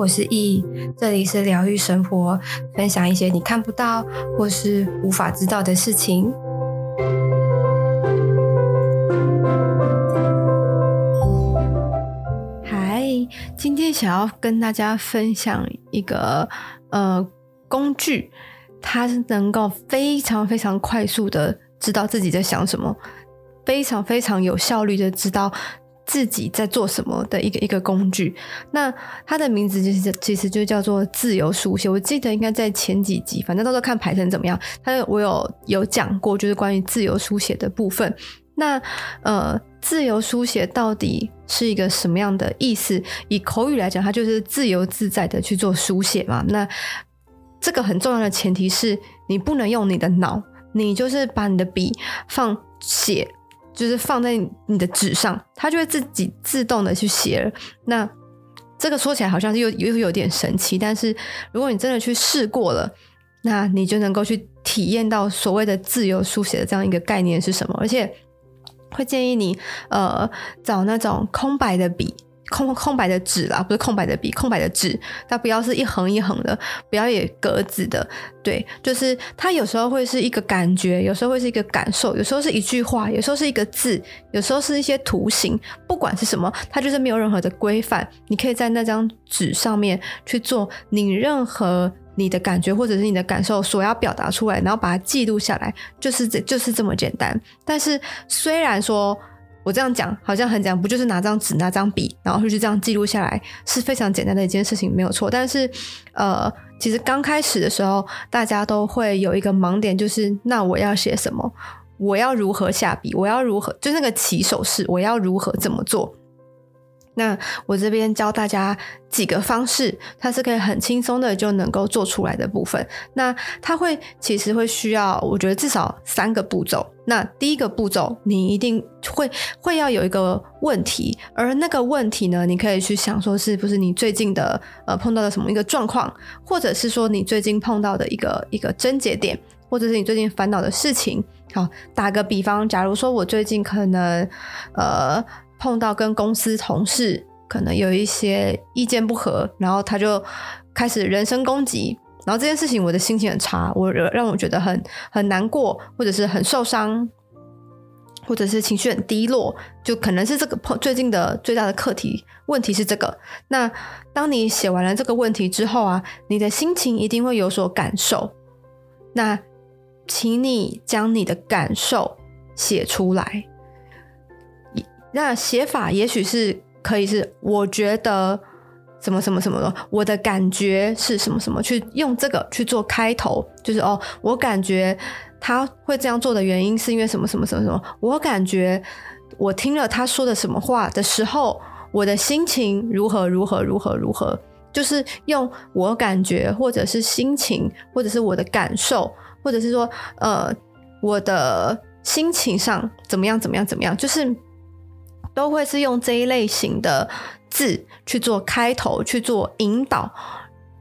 我是意，這裡是療癒生活，分享一些你看不到或是無法知道的事情。嗨，今天想要跟大家分享一個呃工具，它是能夠非常非常快速的知道自己在想什麼，非常非常有效率的知道。自己在做什麼的一個一個工具，那它的名字就是其實就叫做自由書寫。我記得應該在前幾集，反正到時候看排程怎麼樣，它我有有講過，就是關於自由書寫的部分。那呃，自由書寫到底是一個什麼樣的意思？以口語來講，它就是自由自在的去做書寫嘛。那這個很重要的前提是你不能用你的腦，你就是把你的筆放寫，就是放在你的紙上，它就會自己自動的去寫了。那這個說起來好像又又有點神奇，但是如果你真的去試過了，那你就能夠去體驗到所謂的自由書寫的這樣一個概念是什麼。而且會建議你呃找那種空白的筆。空空白的紙啦，不是空白的筆，空白的紙，它不要是一橫一橫的，不要也格子的，對，就是它有時候會是一個感覺，有時候會是一個感受，有時候是一句話，有時候是一個字，有時候是一些圖形，不管是什麼，它就是沒有任何的規範，你可以在那張紙上面去做你任何你的感覺或者是你的感受所要表達出來，然後把它記錄下來，就是這就是這麼簡單。但是雖然說。我這樣講好像很簡單，不就是拿張紙、拿張筆，然後就就這樣記錄下來，是非常簡單的一件事情，沒有錯。但是，呃，其實剛開始的時候，大家都會有一個盲點，就是那我要寫什麼？我要如何下筆？我要如何？就那個起手式，我要如何怎麼做？那我這邊教大家幾個方式，它是可以很輕鬆的就能夠做出來的部分。那它會其實會需要，我覺得至少三個步驟。那第一個步驟，你一定會會要有一個問題，而那個問題呢，你可以去想說，是不是你最近的呃碰到的什麼一個狀況，或者是說你最近碰到的一個一個症結點，或者是你最近煩惱的事情。好，打個比方，假如說我最近可能呃。碰到跟公司同事可能有一些意見不合，然後他就開始人身攻擊，然後這件事情我的心情很差，我惹，讓我覺得很很難過，或者是很受傷，或者是情緒很低落，就可能是這個碰最近的最大的課題。問題是這個。那當你寫完了這個問題之後啊，你的心情一定會有所感受。那請你將你的感受寫出來。那寫法也許是可以是，我覺得什麼什麼什麼的，我的感覺是什麼什麼，去用這個去做開頭，就是哦，我感覺他會這樣做的原因是因為什麼什麼什麼什麼，我感覺我聽了他說的什麼話的時候，我的心情如何如何如何如何，就是用我感覺或者是心情或者是我的感受或者是說呃我的心情上怎麼樣怎麼樣怎麼樣，就是。都會是用這一類型的字去做開頭，去做引導，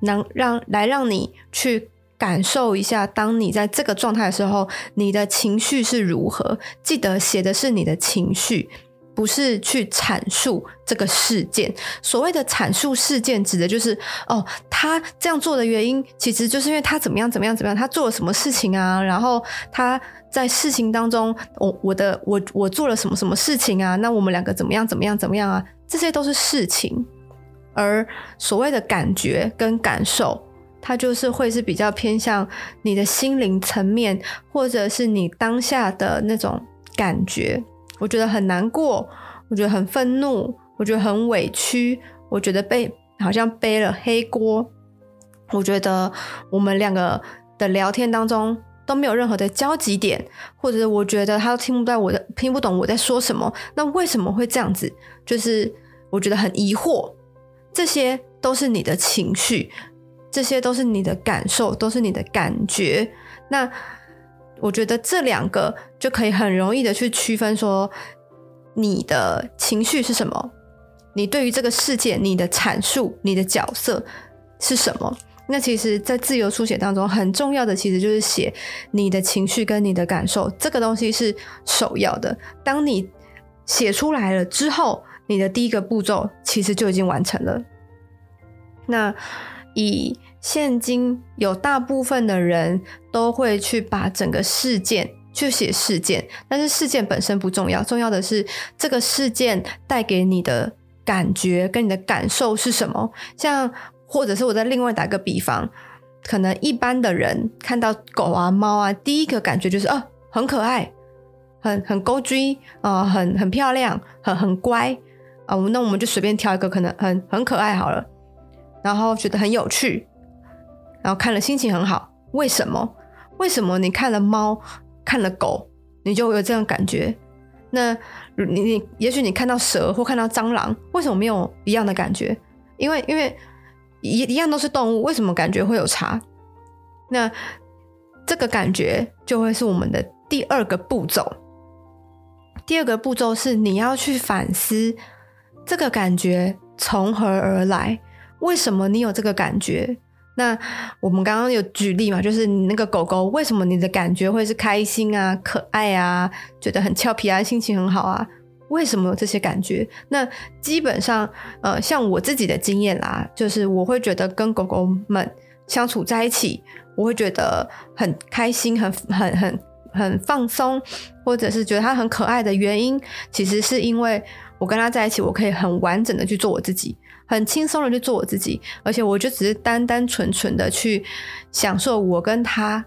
能讓來讓你去感受一下，當你在這個狀態的時候，你的情緒是如何。記得寫的是你的情緒，不是去闡述這個事件。所謂的闡述事件，指的就是哦，他這樣做的原因，其實就是因為他怎麼樣怎麼樣怎麼樣，他做了什麼事情啊，然後他。在事情當中，我我的我我做了什麼什麼事情啊？那我們兩個怎麼樣怎麼樣怎麼樣啊？這些都是事情，而所謂的感覺跟感受，它就是會是比較偏向你的心靈層面，或者是你當下的那種感覺。我覺得很難過，我覺得很憤怒，我覺得很委屈，我覺得被好像背了黑鍋。我覺得我們兩個的聊天當中。都沒有任何的交集點，或者我覺得他都聽不到我的，聽不懂我在說什麼。那為什麼會這樣子？就是我覺得很疑惑。這些都是你的情緒，這些都是你的感受，都是你的感覺。那我覺得這兩個就可以很容易的去區分，說你的情緒是什麼，你對於這個世界，你的闡述，你的角色是什麼。那其實，在自由書寫當中，很重要的其實就是寫你的情緒跟你的感受，這個東西是首要的。當你寫出來了之後，你的第一個步驟其實就已經完成了。那以現今有大部分的人都會去把整個事件去寫事件，但是事件本身不重要，重要的是這個事件帶給你的感覺跟你的感受是什麼？像或者是我在另外打個比方，可能一般的人看到狗啊、貓啊，第一個感覺就是啊，很可愛，很很古錐啊，很、呃、很，很漂亮，很很乖啊。我那我們就隨便挑一個，可能很很可愛好了，然後覺得很有趣，然後看了心情很好。為什麼？為什麼你看了貓、看了狗，你就會有這種感覺？那你你也許你看到蛇或看到蟑螂，為什麼沒有一樣的感覺？因為因為。一一樣都是動物，為什麼感覺會有差？那這個感覺就會是我們的第二個步驟。第二個步驟是你要去反思這個感覺從何而來，為什麼你有這個感覺？那我們剛剛有舉例嘛，就是你那個狗狗，為什麼你的感覺會是開心啊、可愛啊、覺得很俏皮啊、心情很好啊？為什麼有這些感覺？那基本上，呃，像我自己的經驗啦，就是我會覺得跟狗狗們相處在一起，我會覺得很開心、很很很很放鬆，或者是覺得它很可愛的原因，其實是因為我跟它在一起，我可以很完整的去做我自己，很輕鬆的去做我自己，而且我就只是單單純純的去享受我跟它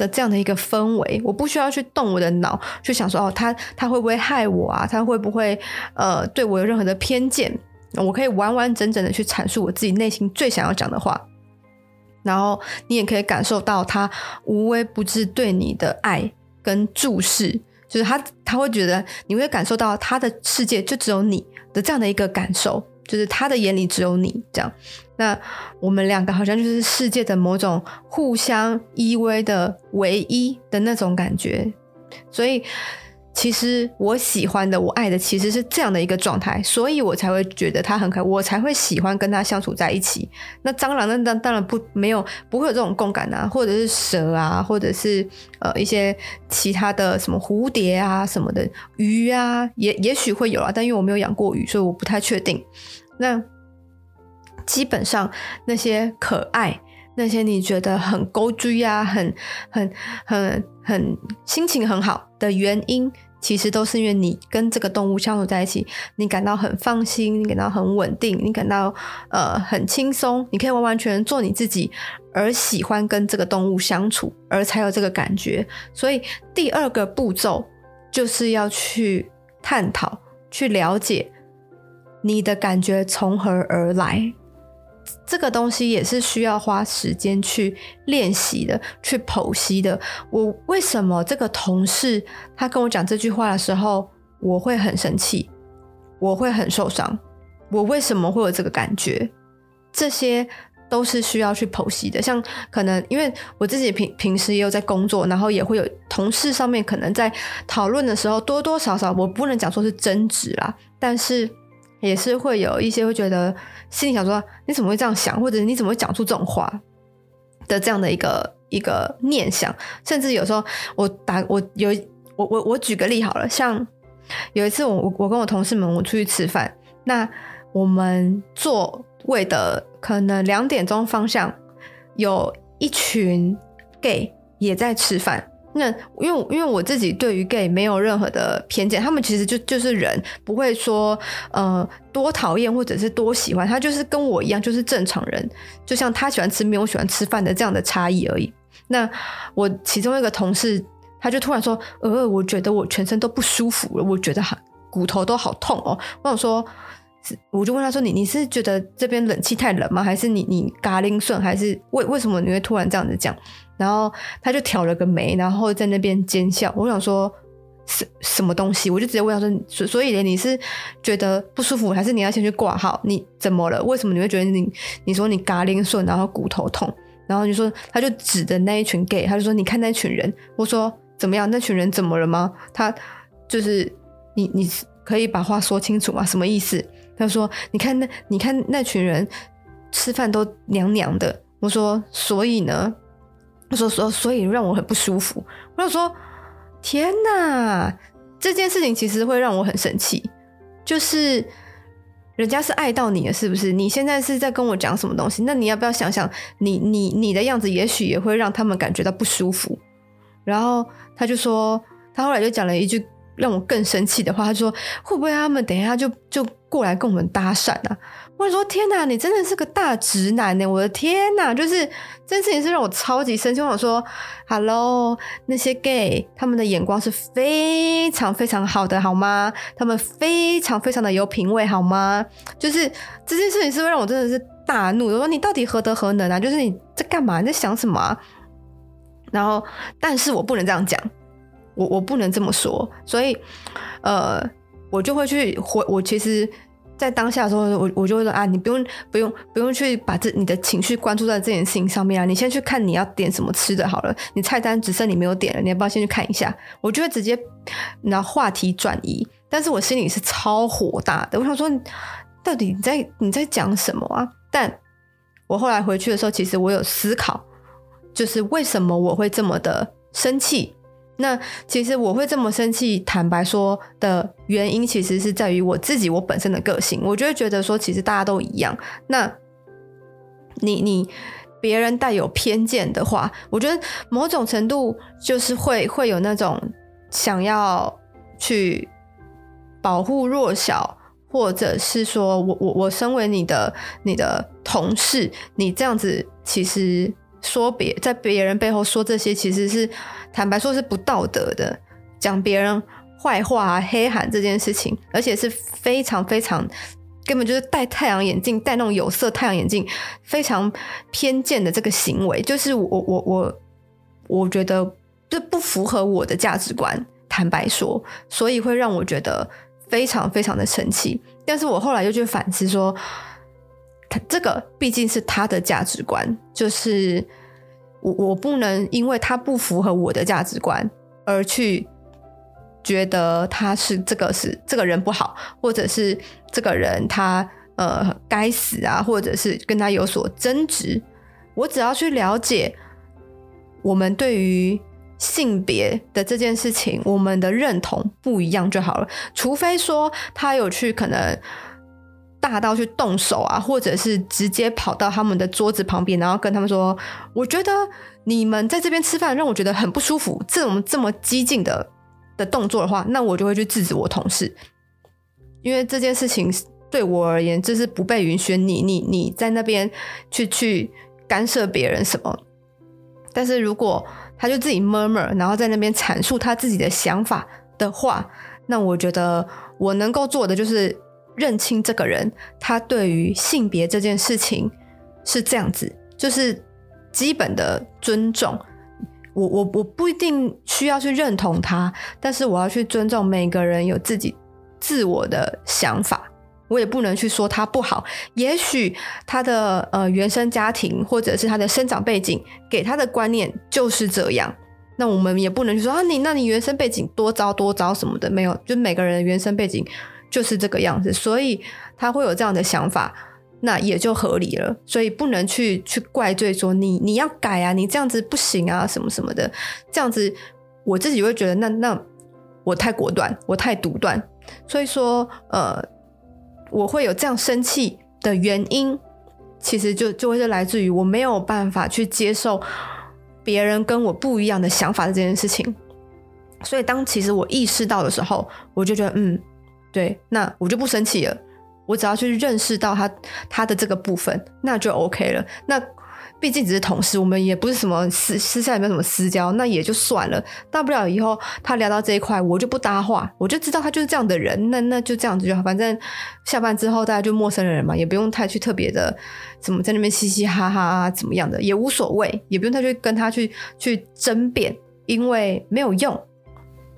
的這樣的一個氛圍，我不需要去動我的腦去想說哦，他他會不會害我啊？他會不會呃對我有任何的偏見？我可以完完整整的去闡述我自己內心最想要講的話，然後你也可以感受到他無微不至對你的愛跟注視，就是他他會覺得你會感受到他的世界就只有你的這樣的一個感受。就是他的眼裡只有你這樣，那我們兩個好像就是世界的某種互相依偎的唯一的那種感覺，所以。其實我喜歡的，我愛的，其實是這樣的一個狀態，所以我才會覺得他很可愛，我才會喜歡跟他相處在一起。那蟑螂那當然不沒有不會有這種共感啊，或者是蛇啊，或者是呃一些其他的什麼蝴蝶啊什麼的魚啊，也也許會有啊，但因為我沒有養過魚，所以我不太確定。那基本上那些可愛，那些你覺得很古錐啊，很很很很心情很好的原因，其實都是因為你跟這個動物相處在一起，你感到很放心，你感到很穩定，你感到呃很輕鬆，你可以完完全全做你自己，而喜歡跟這個動物相處，而才有這個感覺。所以第二個步驟就是要去探討、去了解你的感覺從何而來。這個東西也是需要花時間去練習的，去剖析的。我為什麼這個同事他跟我講這句話的時候，我會很生氣，我會很受傷。我為什麼會有這個感覺？這些都是需要去剖析的。像可能因為我自己平平時也有在工作，然後也會有同事上面可能在討論的時候，多多少少我不能講說是爭執啦，但是，也是會有一些會覺得心裡想說，你怎麼會這樣想，或者你怎麼會講出這種話的這樣的一個一個念想，甚至有時候我打我有我我我舉個例好了，像有一次我我跟我同事們我出去吃飯，那我們座位的可能兩點鐘方向有一群 gay 也在吃飯。那因為因為我自己對於 gay 沒有任何的偏見，他們其實就就是人，不會說呃多討厭或者是多喜歡，他就是跟我一樣，就是正常人，就像他喜歡吃麵，我喜歡吃飯的這樣的差異而已。那我其中一個同事，他就突然說：“呃，我覺得我全身都不舒服了，我覺得很，骨頭都好痛哦。”我我說。我就問他說：“你你是覺得這邊冷氣太冷嗎？還是你你嘎鈴順？還是為為什麼你會突然這樣子講？”然後他就挑了個眉，然後在那邊奸笑。我想說什什麼東西？我就直接問他說：“所所以呢，你是覺得不舒服，還是你要先去掛號？你怎麼了？為什麼你會覺得你你說你嘎鈴順，然後骨頭痛？然後你說他就指着那一群 gay，他就說：‘你看那群人。’我說：‘怎麼樣？那群人怎麼了嗎？’他就是你，你可以把話說清楚嗎？什麼意思？”他說：“你看那，你看那群人吃飯都娘娘的。”我說：“所以呢？”他說，說：“說所以讓我很不舒服。”我就說：“天哪，這件事情其實會讓我很生氣。就是人家是礙到你了，是不是？你現在是在跟我講什麼東西？那你要不要想想你，你你你的樣子，也許也會讓他們感覺到不舒服。”然後他就說，他後來就講了一句。讓我更生氣的話，他說會不會他們等一下就就過來跟我們搭訕啊？我說天哪，你真的是個大直男呢、欸！我的天哪，就是這件事情是,是讓我超級生氣。我想說，Hello，那些 Gay，他們的眼光是非常非常好的，好嗎？他們非常非常的有品味，好嗎？就是這件事情是會是讓我真的是大怒。我說你到底何德何能啊？就是你在幹嘛？你在想什麼、啊？然後，但是我不能這樣講。我我不能這麼說，所以，呃，我就會去回。我其實，在當下的時候，我我就會說啊，你不用不用不用去把這你的情緒關注在這件事情上面啊，你先去看你要點什麼吃的好了。你菜單只剩你沒有點了，你要不要先去看一下？我就會直接拿話題轉移。但是我心裡是超火大的，我想說，到底你在你在講什麼啊？但，我後來回去的時候，其實我有思考，就是為什麼我會這麼的生氣。那其實我會這麼生氣，坦白說的原因，其實是在於我自己，我本身的個性。我就會覺得說，其實大家都一樣。那你你別人帶有偏見的話，我覺得某種程度就是會會有那種想要去保護弱小，或者是說我我我身為你的你的同事，你這樣子其實。說別在別人背後說這些，其實是坦白說是不道德的。講別人壞話、啊、黑函，這件事情，而且是非常非常根本就是戴太陽眼鏡，戴那種有色太陽眼鏡，非常偏見的這個行為，就是我我我我覺得這不符合我的價值觀，坦白說，所以會讓我覺得非常非常的生氣。但是我後來又去反思說。這個畢竟是他的價值觀，就是我我不能因為他不符合我的價值觀而去覺得他是這個是這個人不好，或者是這個人他呃該死啊，或者是跟他有所爭執。我只要去了解我們對於性別的這件事情，我們的認同不一樣就好了。除非說他有去可能。大到去動手啊，或者是直接跑到他們的桌子旁邊，然後跟他們說：“我覺得你們在這邊吃飯讓我覺得很不舒服。”這種這麼激進的的動作的話，那我就會去制止我同事，因為這件事情對我而言，這是不被允許你。你你你在那邊去去干涉別人什麼？但是如果他就自己 murmur，然後在那邊闡述他自己的想法的話，那我覺得我能夠做的就是。認清這個人，他對於性別這件事情是這樣子，就是基本的尊重。我我我不一定需要去認同他，但是我要去尊重每個人有自己自我的想法。我也不能去說他不好。也許他的呃原生家庭或者是他的生長背景給他的觀念就是這樣。那我們也不能說啊，你那你原生背景多糟多糟什麼的，沒有，就每個人原生背景。就是這個樣子，所以他會有這樣的想法，那也就合理了。所以不能去去怪罪說你你要改啊，你這樣子不行啊，什麼什麼的。這樣子我自己會覺得那，那那我太果斷，我太獨斷。所以說，呃，我會有這樣生氣的原因，其實就就會是來自於我沒有辦法去接受別人跟我不一樣的想法的這件事情。所以當其實我意識到的時候，我就覺得嗯。對，那我就不生氣了。我只要去認識到他他的這個部分，那就 OK 了。那畢竟只是同事，我們也不是什麼私私下有沒有什麼私交，那也就算了。大不了以後他聊到這一塊，我就不搭話，我就知道他就是這樣的人。那那就這樣子就好。反正下班之後大家就陌生人嘛，也不用太去特別的怎麼在那邊嘻嘻哈哈、啊、怎麼樣的，也無所謂。也不用太去跟他去去爭辯，因為沒有用。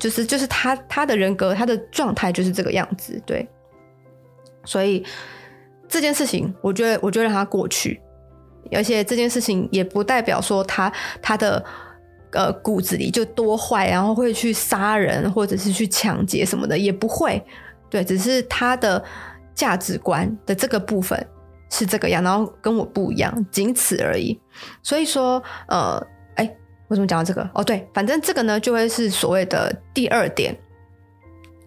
就是就是他他的人格他的狀態就是這個樣子，對，所以這件事情，我覺得，我就讓他過去，而且這件事情也不代表說他他的呃骨子裡就多壞，然後會去殺人或者是去搶劫什麼的，也不會，對，只是他的價值觀的這個部分是這個樣，然後跟我不一樣，僅此而已，所以說，呃。為什麼講到這個？哦，對，反正這個呢，就會是所謂的第二點，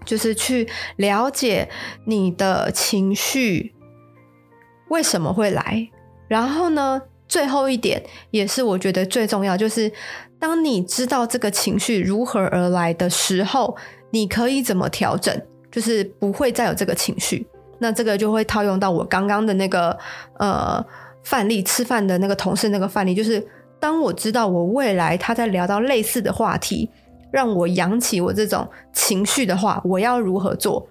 就是去了解你的情緒為什麼會來。然後呢，最後一點也是我覺得最重要，就是當你知道這個情緒如何而來的時候，你可以怎麼調整，就是不會再有這個情緒。那這個就會套用到我剛剛的那個呃範例，吃飯的那個同事那個範例，就是。當我知道我未來他在聊到類似的話題，讓我揚起我這種情緒的話，我要如何做？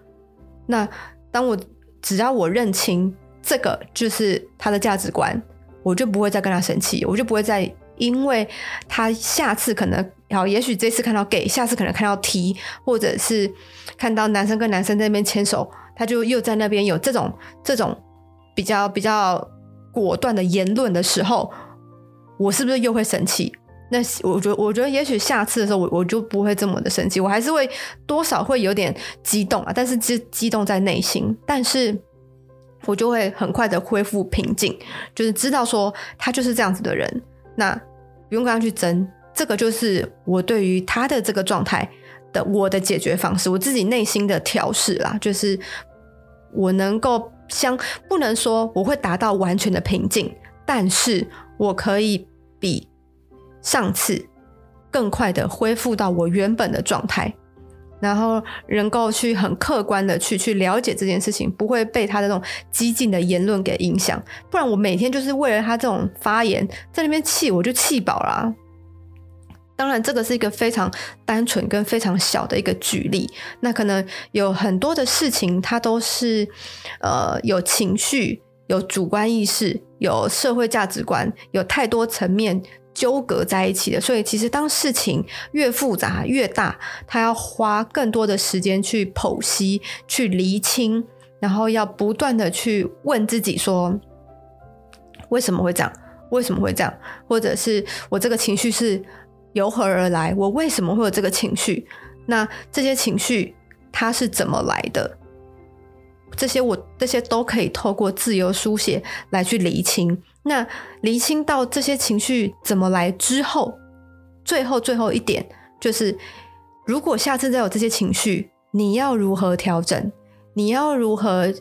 那當我只要我認清這個就是他的價值觀，我就不會再跟他生氣，我就不會再因為他下次可能好，也許這次看到 gay，下次可能看到 T，或者是看到男生跟男生在那邊牽手，他就又在那邊有這種這種比較比較果斷的言論的時候。我是不是又會生氣？那我覺得，我覺得也許下次的時候，我我就不會這麼的生氣，我還是會多少會有點激動啊。但是激激動在內心，但是我就會很快的恢復平靜，就是知道說他就是這樣子的人，那不用跟他去爭。這個就是我對於他的這個狀態的我的解決方式，我自己內心的調適啦，就是我能夠相不能說我會達到完全的平靜，但是我可以。比上次更快的恢復到我原本的狀態，然後能夠去很客觀的去去了解這件事情，不會被他的那種激進的言論給影響。不然我每天就是為了他這種發言，在那邊氣我就氣飽了。當然，這個是一個非常單純跟非常小的一個舉例，那可能有很多的事情，他都是呃有情緒、有主觀意識。有社會價值觀，有太多層面糾葛在一起的，所以其實當事情越複雜越大，他要花更多的時間去剖析、去釐清，然後要不斷的去問自己說：為什麼會這樣？為什麼會這樣？或者是我這個情緒是由何而來？我為什麼會有這個情緒？那這些情緒它是怎麼來的？這些我這些都可以透過自由書寫來去釐清。那釐清到這些情緒怎麼來之後，最後最後一點就是，如果下次再有這些情緒，你要如何調整？你要如何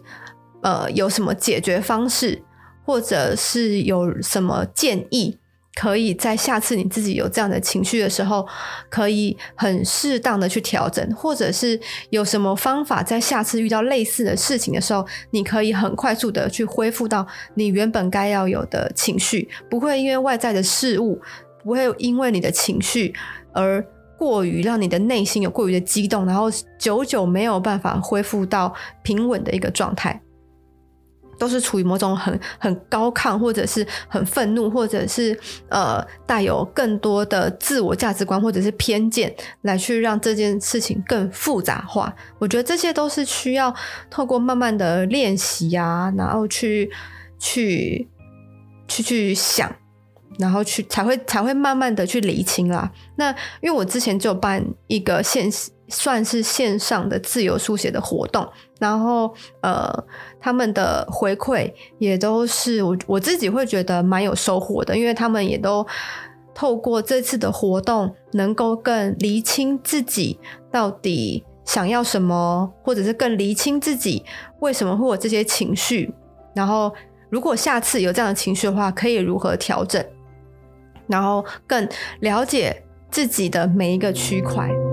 呃，有什麼解決方式，或者是有什麼建議？可以在下次你自己有這樣的情緒的時候，可以很適當的去調整，或者是有什麼方法在下次遇到類似的事情的時候，你可以很快速的去恢復到你原本該要有的情緒，不會因為外在的事物，不會因為你的情緒而過於讓你的內心有過於的激動，然後久久沒有辦法恢復到平穩的一個狀態。都是處於某種很很高亢，或者是很憤怒，或者是呃帶有更多的自我價值觀或者是偏見，來去讓這件事情更複雜化。我覺得這些都是需要透過慢慢的練習啊，然後去去去去想，然後去才會才會慢慢的去釐清啦、啊。那因為我之前就辦一個線算是線上的自由書寫的活動。然後，呃，他們的回饋也都是我我自己會覺得蠻有收穫的，因為他們也都透過這次的活動，能夠更釐清自己到底想要什麼，或者是更釐清自己為什麼會有這些情緒。然後，如果下次有這樣的情緒的話，可以如何調整，然後更了解自己的每一個區塊。